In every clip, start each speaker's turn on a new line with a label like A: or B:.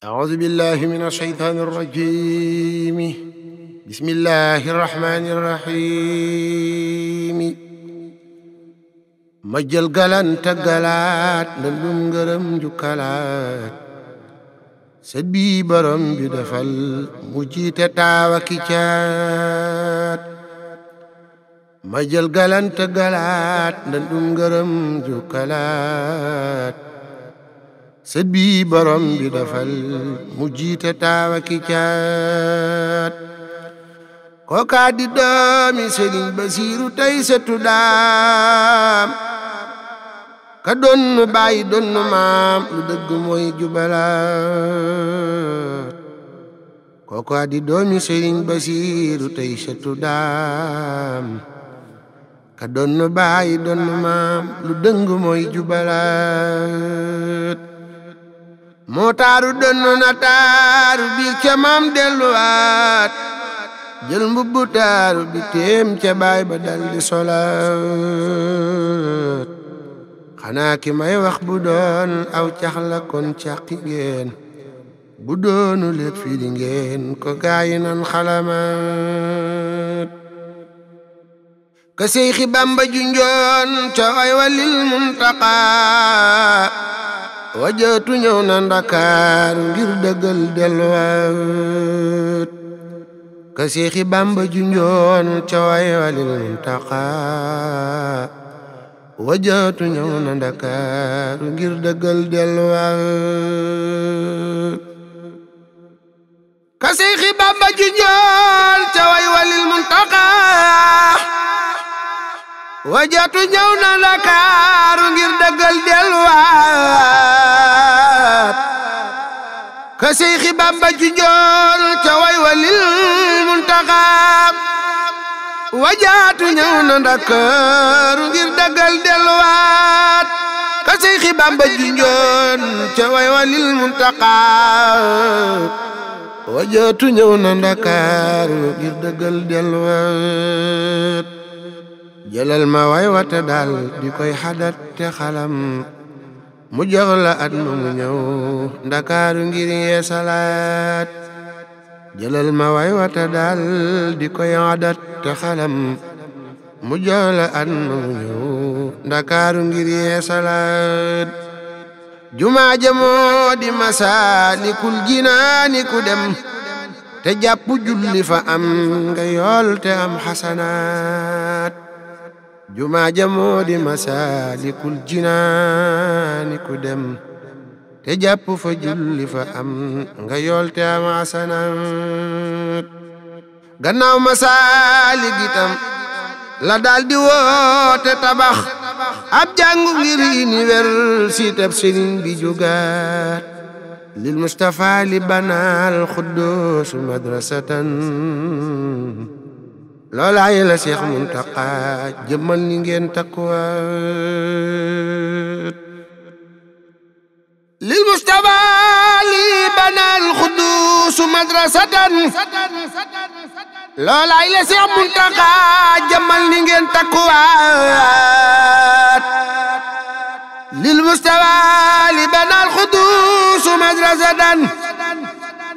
A: أعوذ بالله من الشيطان الرجيم بسم الله الرحمن الرحيم majjal galan taggalaat ndëndum ngërëm jukkalaat sët bi borom bi defal mu jiite taawa ki caat majjal galan taggalaat ndëndum ngërëm jukkalaat sët bi borom bi dafal mu jiite taawa ki caat kookaa di doomi sëriñ basiiru tey sëtu sëtu daam ka nu bàyyi doon nu maam lu dëng mooy jubalaat moo taaru dënnu na taaru biir ca maam delluwaat jël mbubbu taaru bi téem ca baay ba dal solaat xanaa ki may wax bu doon aw cax la kon càqi ngeen bu doonu lépp fii di ngeen ko gaayi nan xalamaat ka seyxi bamba junjoon ca ay walil muntaqa wajaatu ñëw na ndakaaru ngir dëggal delluwaat ka seexi bàmba ju njoon ca way walil muntaqa wajatu ñëw na Ndakaaru ngir dëggal jëlal ma way wate daal di koy xadat te xalam mu jox la at ma mu ndakaaru ngir yee salaat jëlal ma way wate daal jinaani ku te jàpp julli am nga yool am xasanaat jumaa ja moo di masaalikul jinaani ku dem te jàpp fa julli fa am nga te am asanaat gannaaw masaalik la daldi woote tabax ab jàngu ngir université bi jugaat lil Mustafa li banaal xudduus madrasatan loolaay la Seex Muntaqa jëmmal ni ngeen takkuwaat lil Mustafa li banal xuddus madrasatan loolaay la Seex Muntaqa jëmmal ni ngeen takkuwaat lil Mustafa li banal xuddus madrasatan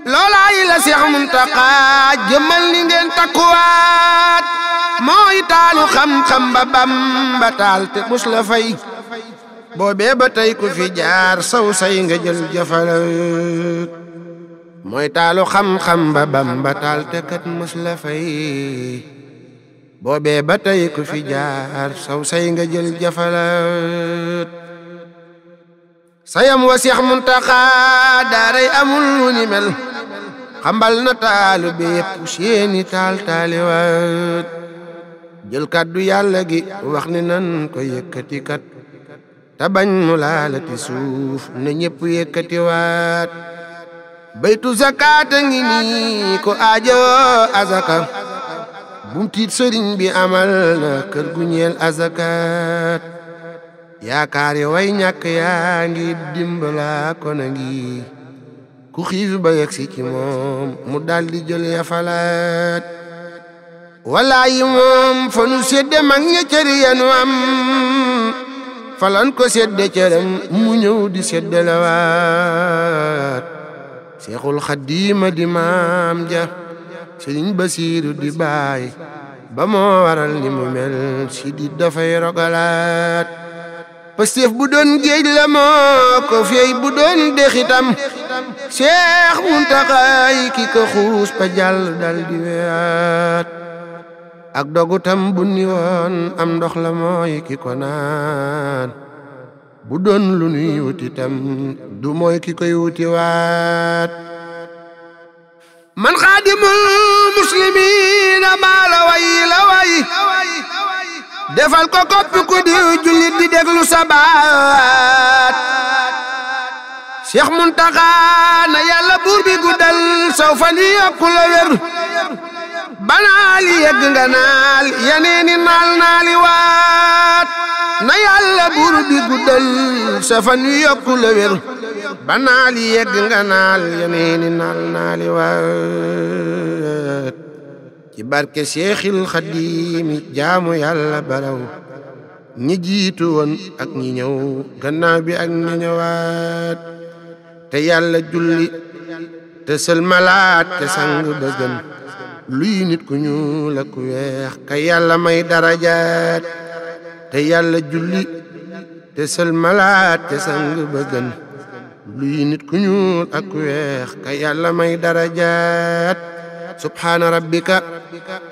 A: loolaay la Seex Muntaxa jëmmal ni ngeen takkuwaat mooy taalu xam-xam ba Bamba taal te mus la fay boobee tey ku fi jaar saw say nga jël jëfalaat mooy taalu xam-xam fay boobee ba tey ku fi nga jël jëfalaat sayam wa Seex Muntaxa daaray amul ni mel xambal na taalu bi yëpp seeni taal taaliwaat jël kàddu yàlla gi wax ni nan ko yëkkati kat te bañ laalati suuf ne ñëpp yëkkati waat baytu zakaata ngi nii ko aajo azaka bum tiit sëriñ bi amal na kër gu ñeel azakaat yaakaar way ñàkk yaa ngi dimbala ko ngi ku xiif ba yegsi ci moom mu daldi jël yafalaat walaayi moom fa nu sédde mag ña cëri yanu am falan ko sédde cëram mu ñëw di sédde lawaat seexul xadiima di maam ja sëriñ basiiru di baay ba moo waral ni mu mel si di dafay rogalaat Pastef bu doon géej la moo ko fey bu doon dexitam Seex Muntaxaay ki ko xuus pa jàll dal di weat ak dogu tam bu ni woon am ndox la mooy ki ko naan bu doon lu nuy wuti tam du mooy ki koy wuti waat man xaadimul muslimiina baala way la defal ko koppi ku di jullit di déglu sabaat Cheikh Muntaxa na yàlla buur bi guddal saw fan la wér banaal yi yegg nga naal yeneeni naal naali waat na yàlla buur bi guddal sa fan la wér banaal yi yegg nga naal yeneeni naal naali waat ci barke Seexil Xadiimi jaamu yàlla baraw ñi jiitu woon ak ñi ñëw gannaaw bi ak ñi ñëwaat te yàlla julli te sëlmalaat te sang ba gën nit ku ñuul ak ku ka yàlla may darajaat te yàlla julli te sëlmalaat te sang ba gën ku ñuul ak ku ka yàlla may darajaat subhaana rabbika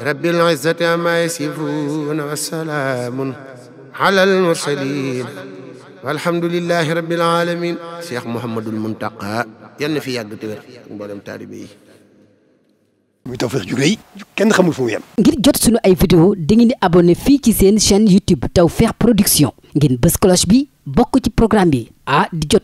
A: rabbil izzati ammaa yasifuun wa salaamun alal mursaliin walhamdulillahi rabbil aalamiin cheikh Mouhamadul Mountakha yan fi yàgg te wér mboolem taalibe yi. muy Tawfekh ju rëy kenn xamul fu mu yem. ngir jot sunu ay vidéo dangeen di abonné fii ci seen chaîne YouTube Tawfekh Production ngeen bës bi bokk ci programme bi ah di jot.